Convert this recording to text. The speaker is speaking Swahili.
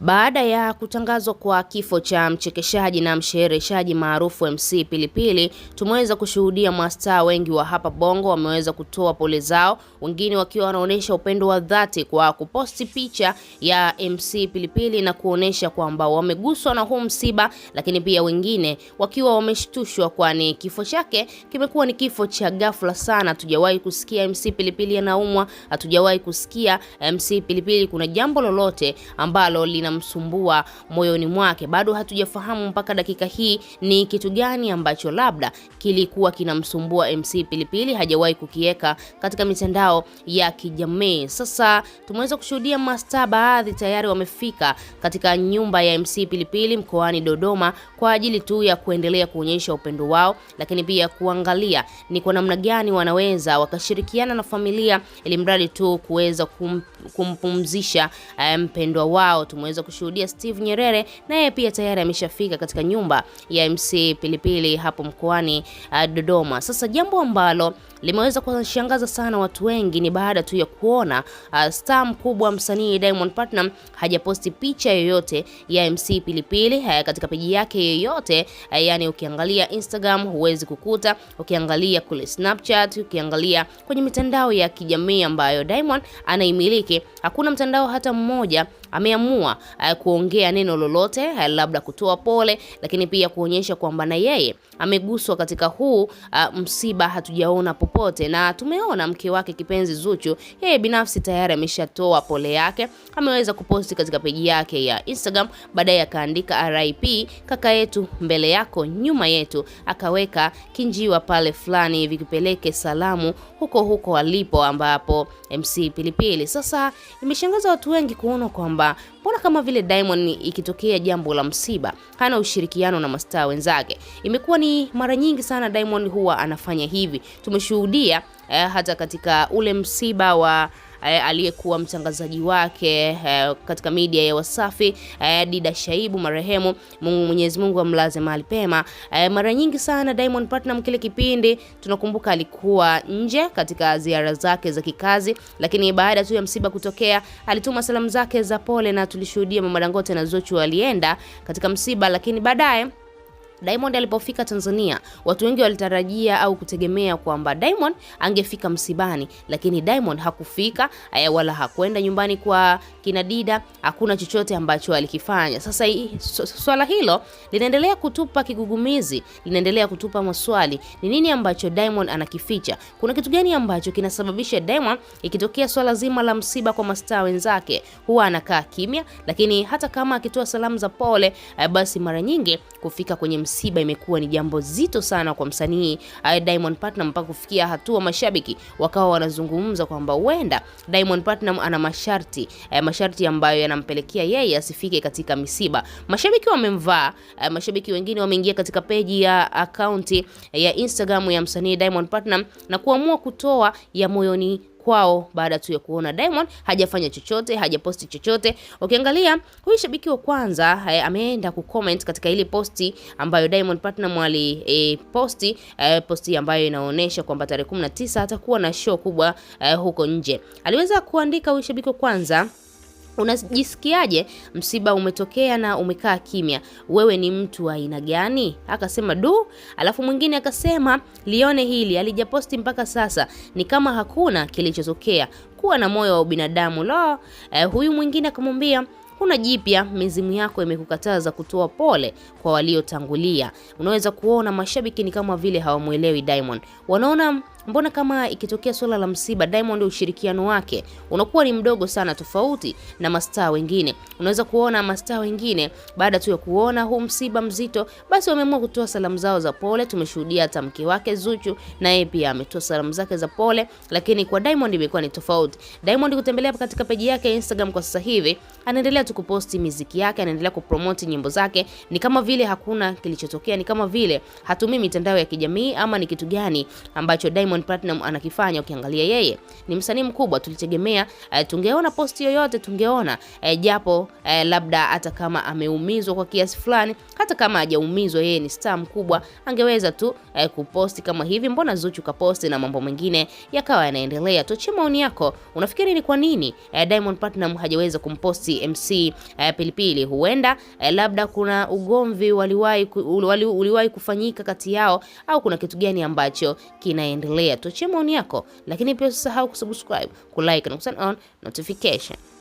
Baada ya kutangazwa kwa kifo cha mchekeshaji na mshereheshaji maarufu MC Pilipili, tumeweza kushuhudia mastaa wengi wa hapa Bongo wameweza kutoa pole zao, wengine wakiwa wanaonyesha upendo wa dhati kwa kuposti picha ya MC Pilipili na kuonyesha kwamba wameguswa na huu msiba, lakini pia wengine wakiwa wameshtushwa, kwani kifo chake kimekuwa ni kifo cha ghafla sana. Hatujawahi kusikia MC Pilipili anaumwa, hatujawahi kusikia MC Pilipili kuna jambo lolote ambalo li linamsumbua moyoni mwake. Bado hatujafahamu mpaka dakika hii ni kitu gani ambacho labda kilikuwa kinamsumbua MC Pilipili, hajawahi kukiweka katika mitandao ya kijamii. Sasa tumeweza kushuhudia mastaa baadhi tayari wamefika katika nyumba ya MC Pilipili mkoani Dodoma kwa ajili tu ya kuendelea kuonyesha upendo wao, lakini pia kuangalia ni kwa namna gani wanaweza wakashirikiana na familia ili mradi tu kuweza kum, kumpumzisha eh, mpendwa wao. Tumeweza tumeweza kushuhudia Steve Nyerere naye pia tayari ameshafika katika nyumba ya MC Pilipili hapo mkoani uh, Dodoma. Sasa jambo ambalo limeweza kushangaza sana watu wengi ni baada tu ya kuona uh, star mkubwa msanii Diamond Platnumz hajaposti picha yoyote ya MC Pilipili uh, katika peji yake yoyote uh, yani ukiangalia Instagram huwezi kukuta, ukiangalia kule Snapchat, ukiangalia kwenye mitandao ya kijamii ambayo Diamond anaimiliki hakuna mtandao hata mmoja ameamua eh, kuongea neno lolote, eh, labda kutoa pole, lakini pia kuonyesha kwamba na yeye ameguswa katika huu uh, msiba. Hatujaona popote na tumeona mke wake kipenzi Zuchu, yeye binafsi tayari ameshatoa pole yake, ameweza kuposti katika peji yake ya Instagram, baadaye akaandika RIP kaka yetu, mbele yako nyuma yetu, akaweka kinjiwa pale fulani hivi, kipeleke salamu huko huko alipo, ambapo MC Pilipili sasa imeshangaza watu wengi kuona kwamba kwamba mbona kama vile Diamond ikitokea jambo la msiba hana ushirikiano na mastaa wenzake. Imekuwa ni mara nyingi sana Diamond huwa anafanya hivi, tumeshuhudia eh, hata katika ule msiba wa Eh, aliyekuwa mtangazaji wake eh, katika media ya Wasafi eh, Dida Shaibu marehemu, Mungu Mwenyezi Mungu amlaze mahali pema. Mara nyingi sana Diamond Platnumz kile kipindi tunakumbuka alikuwa nje katika ziara zake za kikazi, lakini baada tu ya msiba kutokea alituma salamu zake za pole, na tulishuhudia mama Dangote na Zuchu alienda katika msiba, lakini baadaye Diamond alipofika Tanzania, watu wengi walitarajia au kutegemea kwamba Diamond angefika msibani, lakini Diamond hakufika wala hakwenda nyumbani kwa kina Dida, hakuna chochote ambacho alikifanya. Sasa swala hilo linaendelea kutupa kigugumizi, linaendelea kutupa maswali. Ni nini ambacho Diamond anakificha? Kuna kitu gani ambacho kinasababisha Diamond, ikitokea swala zima la msiba kwa mastaa wenzake, huwa anakaa kimya, lakini hata kama akitoa salamu za pole, basi mara nyingi kufika kwenye msiba msiba imekuwa ni jambo zito sana kwa msanii eh, Diamond Platnumz, mpaka kufikia hatua mashabiki wakawa wanazungumza kwamba huenda Diamond Platnumz ana masharti eh, masharti ambayo yanampelekea yeye asifike katika misiba. Mashabiki wamemvaa eh, mashabiki wengine wameingia katika peji ya akaunti eh, ya Instagram ya msanii Diamond Platnumz na kuamua kutoa ya moyoni kwao baada tu ya kuona Diamond hajafanya chochote, hajaposti chochote. Ukiangalia huyu shabiki wa kwanza e, ameenda kucomment katika ile posti ambayo Diamond Platnumz ali e, posti e, posti ambayo inaonyesha kwamba tarehe 19 atakuwa na show kubwa e, huko nje. Aliweza kuandika huyu shabiki wa kwanza Unajisikiaje msiba umetokea na umekaa kimya? Wewe ni mtu wa aina gani? Akasema du. Alafu mwingine akasema lione hili, alijaposti mpaka sasa, ni kama hakuna kilichotokea. Kuwa na moyo wa ubinadamu lo. Eh, huyu mwingine akamwambia kuna jipya, mizimu yako imekukataza kutoa pole kwa waliotangulia. Unaweza kuona mashabiki ni kama vile hawamwelewi Diamond, wanaona Mbona kama ikitokea swala la msiba, Diamond ushirikiano wake unakuwa ni mdogo sana, tofauti na mastaa wengine. Unaweza kuona mastaa wengine baada tu ya kuona huu msiba mzito, basi wameamua kutoa salamu zao za pole. Tumeshuhudia hata mke wake Zuchu na yeye pia ametoa salamu zake za pole, lakini kwa Diamond imekuwa ni tofauti. Diamond kutembelea katika peji yake ya Instagram kwa sasa hivi, anaendelea tu kuposti miziki yake, anaendelea kupromote nyimbo zake, ni kama vile hakuna kilichotokea, ni kama vile hatumii mitandao ya kijamii ama ni kitu gani ambacho Diamond Diamond Platinum anakifanya, ukiangalia yeye ni msanii mkubwa, tulitegemea e, tungeona posti yoyote, tungeona e, japo e, labda hata kama ameumizwa kwa kiasi fulani, hata kama hajaumizwa, yeye ni star mkubwa, angeweza tu e, kuposti kama hivi. Mbona Zuchu kaposti na mambo mengine yakawa yanaendelea? Tuachie maoni yako, unafikiri ni kwa nini e, Diamond Platinum hajaweza kumposti MC e, Pilipili? Huenda e, labda kuna ugomvi waliwahi uliwahi kufanyika kati yao, au kuna kitu gani ambacho kinaendelea? kuendelea. Tuachie maoni yako, lakini pia usisahau kusubscribe, kulike na kusan on notification.